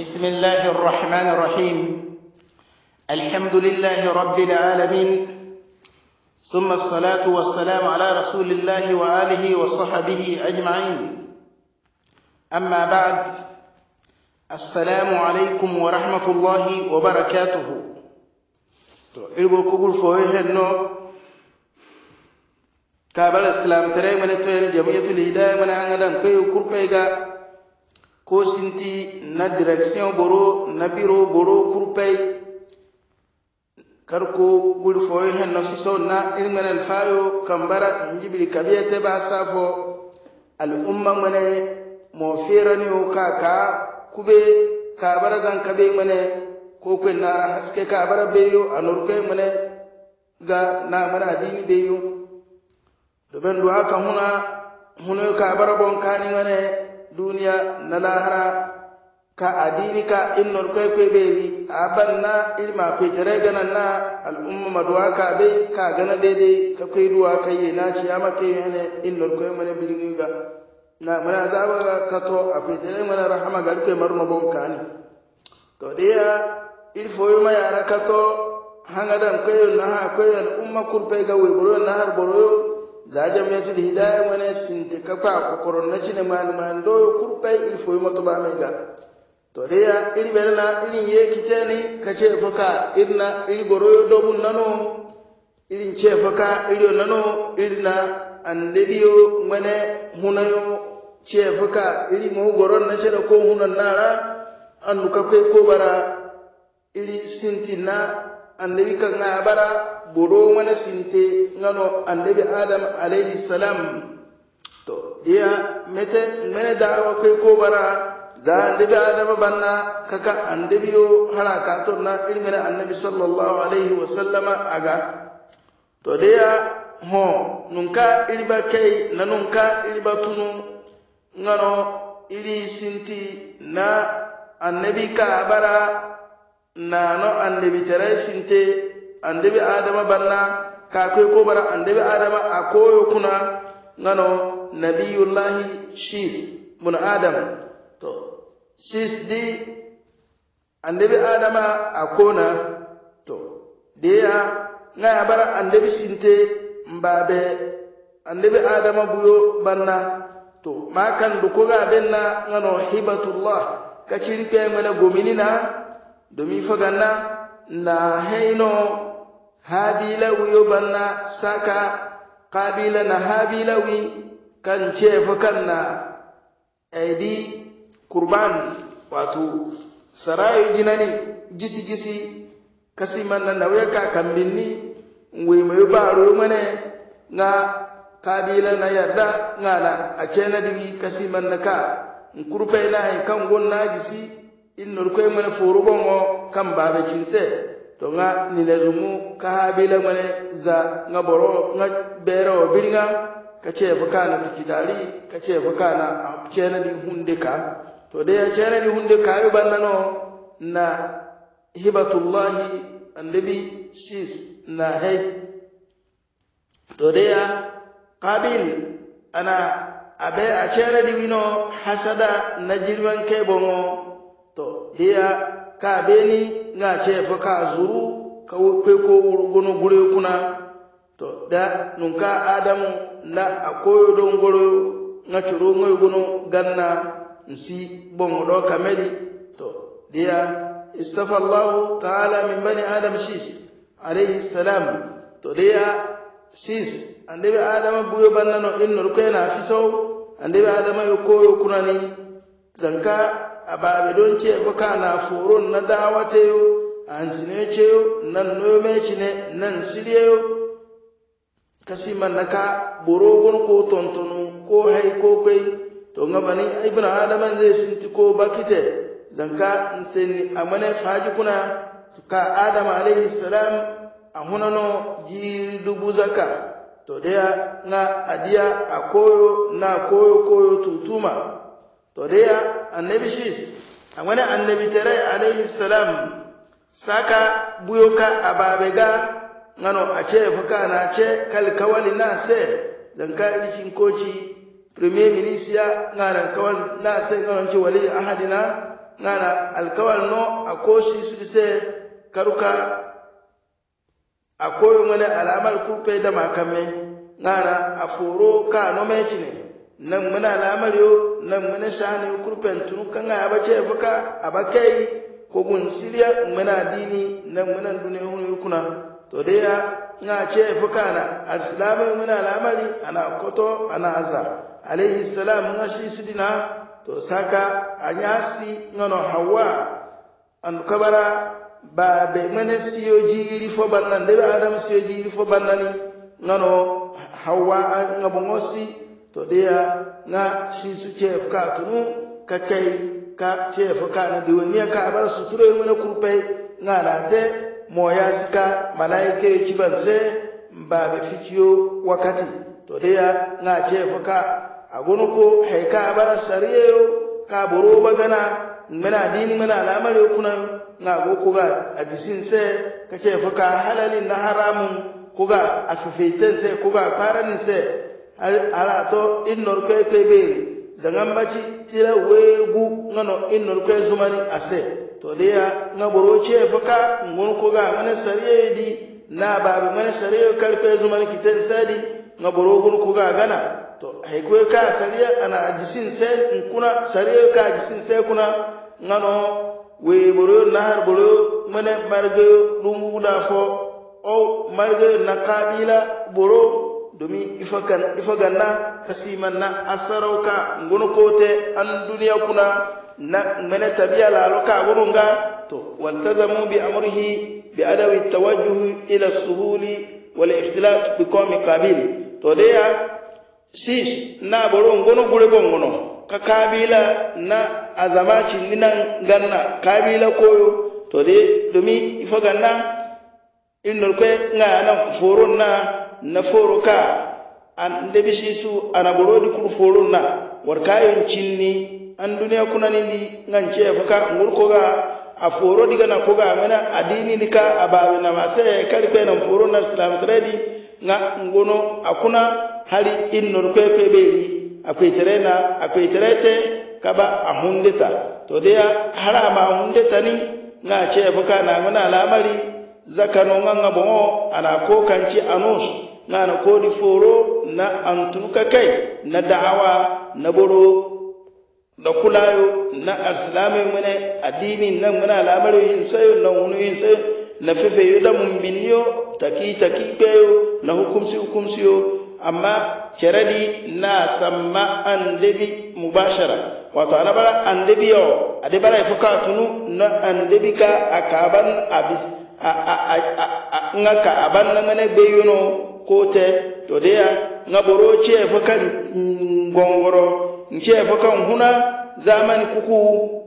بسم الله الرحمن الرحيم الحمد لله رب العالمين ثم الصلاة والسلام على رسول الله وآله وصحبه أجمعين أما بعد السلام عليكم ورحمة الله وبركاته إلغو كبول فويه النو كابل السلام تريمنا من توين جمعية الهداية من أنغدان كيو كرقيقا ko sinti na direction boro na biro boro kurpey karko gulfoyo henno fiso na irmen alfayo kambara njibili kabiyete ba safo al'umma mane mo feraniyo ka ka kube kabara zan kabe mane ko kwen na haske kabara beyo anurke mane ga na mara adini beyo domin duwa kan huna huna kabara bonkani mane duniya na lahara ka adini ka innor kwe kwe beri aban na ilma kwe tare ganan na al'umma maduwa ka be ka gana daidai ka kwe duwa ka yi na ciya maka yi hane innor kwe mana bilin ga na muna zaba ga kato a kwe tare mana rahama ga kwe marno bon ka ne to ilfo yi ma yara kato hangadan kwe na ha kwe al'umma kurfe ga buru na har boroyo za jamiyatul hidaya wane sinti kafa kokoro na cine mani mani doyo kurpai ili foyi mato ba mai ga to riya iri bere na iri ye kitani ka ce faka irna iri goroyo dobun nano iri ce faka iri nano irna andebiyo wane hunayo ce faka iri mu goron na cire ko hunan nara an nuka ko bara iri sinti na annabi ka na bara boro ŋana sinte ŋano annabi adam alayhisalam to iya mete ŋene dawo kai kobara za annabi adam banna kaka annabi yo hara ka torna iri ŋene annabi sallallahu alayhi wasallama aga to deya ho nunka iri ba kai na nunka iri ba tunu ŋano iri sinti na annabi ka bara naano annabi tara sinte andebe adama banna kakoye ko bara andebe adama akoyo kuna gano nabiyullahi shis mun adam to shis di andebe adama akona to deya gaya bara andebe sinte mbabe andebe adama buyo banna to makan dukoga benna gano hibatullah kacirikeyngona gominina domi faganna na heyno habilawi yobanna saka kabila na habilawi kan cefu kan na aidi kurban wato sarayo jinani gisi gisi kasi manna nawya ka kambinni ngwe mayo baro mane nga kabila na yarda nga na akena dibi kasi manna ka nkurpe na kan gonna gisi in norko mana foro bongo kan babe cinse to nga ninezumu kahabila ŋone za nga boro nga berewo biriŋa ka chefu kana sikitali ka chefu kana chena di hundika to de chena di hundika yo bannano na hibatullahi andebi shis na hej to deya kabil ana abe a chena di wino hasada najirwan kebongo to deya kabeni nga ce fa ka zuru ka kwe ko gunu gure kuna to da nunka adamu na akoyo don goro na curo ngai gunu ganna nsi bon do kamedi to dia istafa Allah ta'ala min bani adam shis alayhi salam to dia sis andebe adama buyo bannano fi sau ande andebe adama yo koyo ni zanka a don ce buka na foron na dawata yau an sine ce yau nan nome ne nan sirye yo kasi manaka borogon ko tontonu ko hai ko kai to nga bani Ibn Adama zai sinti ko bakite zanka nseni amane faji kuna ka Adama alaihi salam a hunano jiri dubu zaka to daya nga adiya a koyo na koyo koyo tutuma to dai annabi a wani annabi tere alayhi salam saka buyoka ababega ngano ace fuka na ce kal na se zanka ilishin koci premier minister ngana kawal na se ngano ci wali ahadina ngana alkawal no akoshi su se karuka akoyo ngane alamar kurpe da makamme ngana foro ka no mecine nan muna lamariyo nan muna sani kurpen tunu kan a bace fuka a bakai ko gun siriya muna dini nan muna duniya hunu kuna to dai ya nga ce fuka na arsilamai muna lamari ana koto ana aza alaihi salam nga shi su dina to saka anyasi nono hawa an kabara ba be mene siyoji iri fo bannan dai adam siyoji iri fo bannani nono hawa ngabongosi todea nga sinsu chef ka tunu ka kai ka chef ka na diwe miya ka bar sutura yi wani kurpai nga na te moya sika malaika yi cibanse ba be fitiyo wakati todea nga chef ka agunu ko haika bar sariye yo ka boro bagana mena dini mena lamari kuna nga go kuga agisin se ka chef ka halalin na haramun kuga afifeiten se kuga paranin se alato inorkwe kwebeli zangambaci tila wegu ngano inorkwe zumani ase to leya ngaboro chefaka ngun koga ga sariye di na babi mana sariyo kalkwe zumani kiten sadi ngaboro gun koga gana to haikwe ka sariya ana jisin se nkuna sariye ka jisin se kuna ngano we boro nahar buru mane margayo dungu na fo o margayo na kabila boro domin ifaganna na asarauka ngono kote an duniya kuna na mene tabia laloka gonunga to waltazamu bi amrihi bi adawi tawajjuh ila suhuli wal ikhtilat bi qawmi qabil to deya sis na boro ngono gure gongono ka kabila na azamaci ninan ganna kabila koyo to de domi ganna innol kwe ngana foron na na ka an debisi su anaborodi kuru forunna warkayon cinni an duniya kunanindi ngance fuka ga a foro diga na koga mena adini ka ababe na mase kalpe na foro na islam tredi nga ngono akuna hali ko be kwe akwai akwetere na akweterete kaba a to dai harama hundita ni nga ce fuka na mena lamari zakano nga bongo ana kanci anus Na kodi foro na antunuka kai na da'awa na boro da kulayo na arsilame mune addini na muna labaro yin sayo na hunu yin sayo na fefe yi da mun taki taki kayo na hukumsi hukumsi yo amma di na samma an debi mubashara wato ana bara an debi yau, a di bara ifo tunu na an debi ka a kaban abis a a a a a a a a mene a a kote to deya nga boro che kan mm, gongoro ceefo kan huna zaman kuku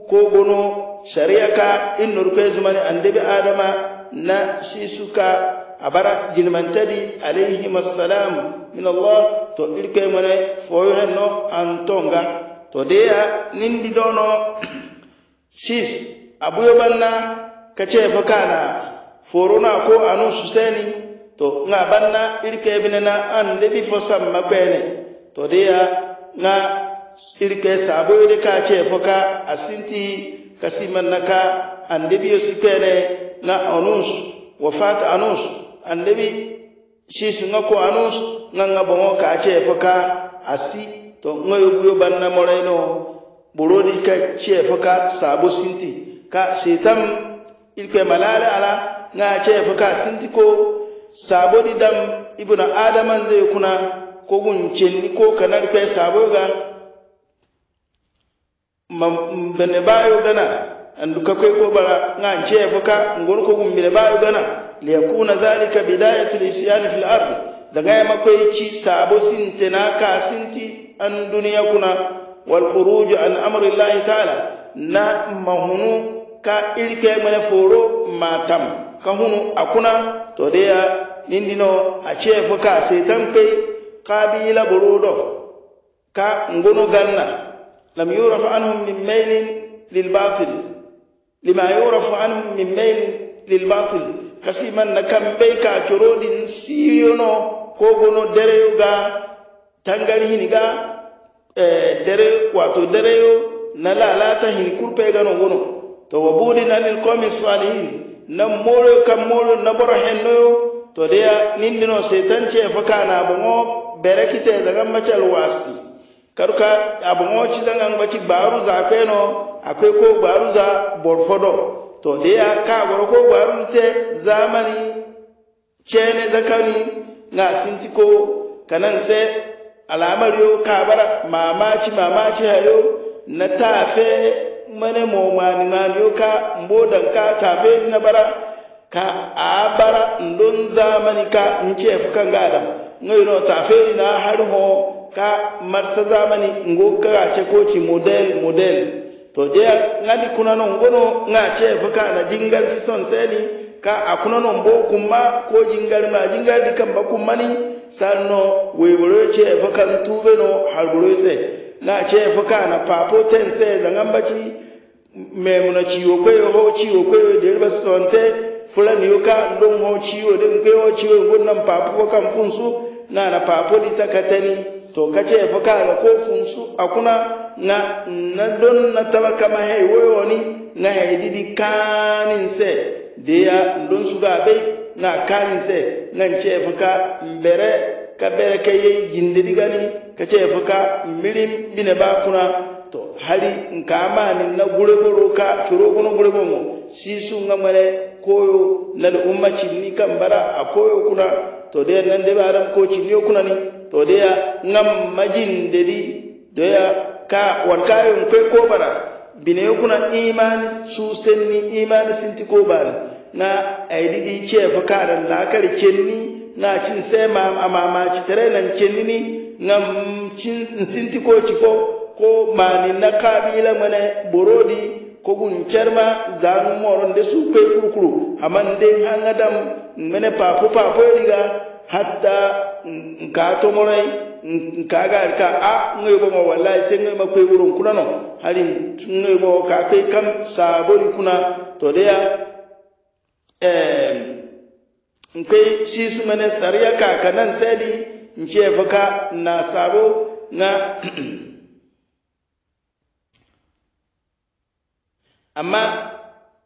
ko gono sharia ka innoru kwe zumani andeɓe adama na sisuka abara jilmantadi alayhimassalam min allah to irke mane foyo no an to deya nindi dono sis abuyo banna ka fakana foruna forona ko anu suseni to nga banna irke na an lebi fo samma kwene to dia nga irke sabo yode ka ce foka asinti kasiman naka an lebi yosi kwene na anus wafat anus an lebi shi su nga ko anus nga nga bongo ka ce foka asi to nga yobuyo banna moreno burodi ka ce foka sabo sinti ka shetam irke malala ala nga ce foka sinti ko sabodi dam ibnu adaman zai kuna ko gunkin ko kanar kai sabo ga bane bayo gana duka kai ko bara nga nche fuka ngon ko gumbine bayo gana li yakuna zalika bidayatu al fil ard daga ya makwai ci sabo sinte na ka sinti an duniya kuna wal khuruj an amri llahi ta'ala na mahunu ka irke mana foro matam ka hunu a akuna to deya nindino a cefu ka setan kai kabila burudo ka ngunu ganna lam yurafu anhum min mailin lil batil lima yurafu anhum min mailin lil batil kasi man na kan bai ka curodin siriyono ko gono dereyo ga tangar hiniga eh, dere wato dereyo na lalata hin kurpe gano gono to wabudina lil qawmi salihin nan moro kan moro na bar henno to nin nindino setan ce faka na bango berekite daga macal wasi karka abongo ci daga baci baru za keno akwai ko baru za borfodo to dai ya ka goro ko baru te zamani ne zakani na sintiko kanan se alamar yo kabara mamaci mamaci hayo na tafe mene mo mani mani ka mbodan ka kafe na bara ka a bara ndon zamani ka nke fukan gadam ngai no taferi na har ho ka marsa zamani ngo ka ce ko model model to je ngadi kuna no ngono nga ce fuka na jingal fi son seli ka akuna no mbo kuma ko jingal ma jingal dikan ba kuma ni sarno weboro ce fukan tube no har sai. na ce fuka na papo ten sai zangan baci memuna ciwo kwayo ho ciwo kwayo da yarba sonte fulani ka don ho ciwo din kwayo ciwo gunnan papo kan funsu na na papo di katani to kace fa na ko funsu kuna na na don na taba kama wayo woyoni na hay didi kanin sai da ya don ga bai na kanin sai nan ce fa ka mbere ka bere kayi gindi ganin. kace fuka mirin bine ba kuna to hari nka amani na gureboro ka coro gure gurebongo si sun nga mare koyo na da ummaci cinni kan bara a koyo kuna to da nan da baran ko cinni kuna ni to da ya ngam majin dadi da ya ka warkayon kai ko bara bine kuna imani su senni imani ti ko bani na aididi ke fakaran lakar kenni na cin sai ma mamaci tare nan kenni ni na nsinti ko cifo ko mani na kabila mana borodi ko gun kerma zanu moron de su kwe kurukuru amman den hangadam mene papu papu riga e hatta nka tomorai nka gari ka a ngoy bo mo wallahi sai ngoy ma kwe kuna no hari ngoy bo ka kwe kam sabori kuna to da ya eh nkai shi su mene sariya ka kanan sai nche foka na sabo nga amma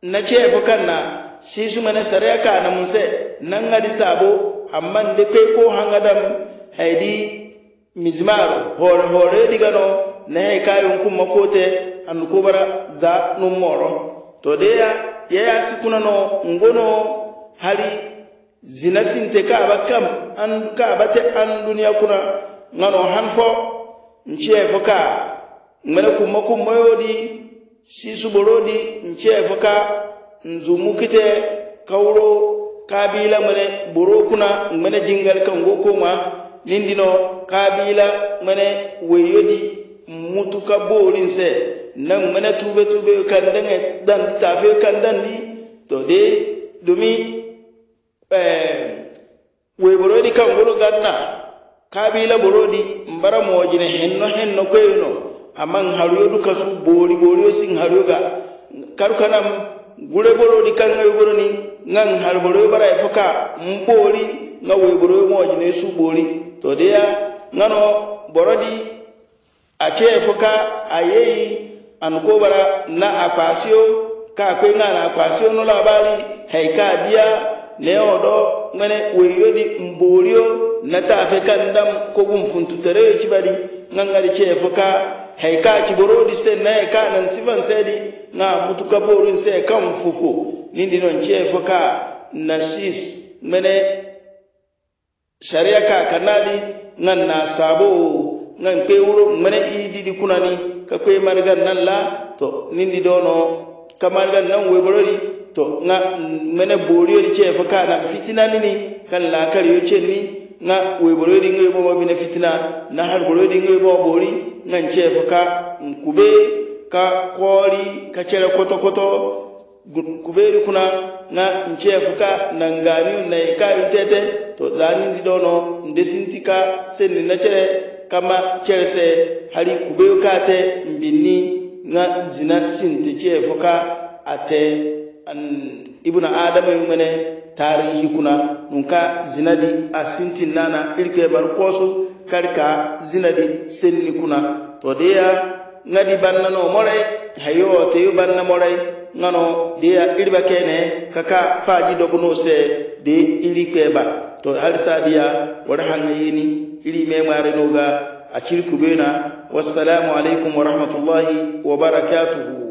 na ce fukan na shi shi mana ka na munse nan ga sabo amma da kai ko hangadam haidi mizmar hore hore diga no na hay kayun kuma kote an bara za nun moro to de ya ya sikuna no ngono hari zina sinte kaaba kam an kaaba te an duniya kuna ngano han fo nchee fo ka ngmene kumma kumma di si suborodi nchee fo ka nzumu kite kawro kabila mene boro kuna mene jingal kango konga lindino kaabila ngmene weyodi mutuka boorin se nan mene tube tube kan tafe yo kan to de domi we borodi kam golu ganna kabila borodi mbara mojine henno henno kweno amman haruyo duka su bori bori sin haruyo ga karukanam gure borodi kan ngai goroni ngan har boroyo bara ifoka mbori nga we boroyo mojine su bori to dia ngano borodi ake ifoka ayeyi an kobara na akwasiyo ka akwai ngana akwasiyo no labari haika biya leo do ngane mbolio na nata fe kandam ko gum funtutere cibali ngangari cefo ka hay ka ciborodi sen naye ka nan sifan sedi na mutuka borin se kan fofo nindi non foka ka nashis Mene sharia ka kanadi ngan na sabo ngan pe wuro ngane di kunani ka kwe margan nan la to nindi dono kamargan nan we weborori to na mene boriyo boriyori ce fa na fitina ni ni kan la kar yo ce ni na we boriyo boriyori ngai bo bi na fitina na har boriyo boriyori ngai bo bori na ce fa ka kube ka kori ka cere koto koto kube ri kuna nga nchefu ka na ngani e na ka intete to zani di dono nde sintika ndesintika ni na chere kama chere se hari hali kubeyu kate mbini na zina sinti chefu ka ate Adamu adama mene tarihi kuna nunka zinadi asinti nana irke bar kosu karka zinadi senni kuna to deya ngadi no moray hayo yu banna moray ngano deya irba kene kaka faji dogono se de iri ba to har sadiya warhan yini iri me ngare noga a cirku bena wassalamu alaikum wa rahmatullahi wa barakatuhu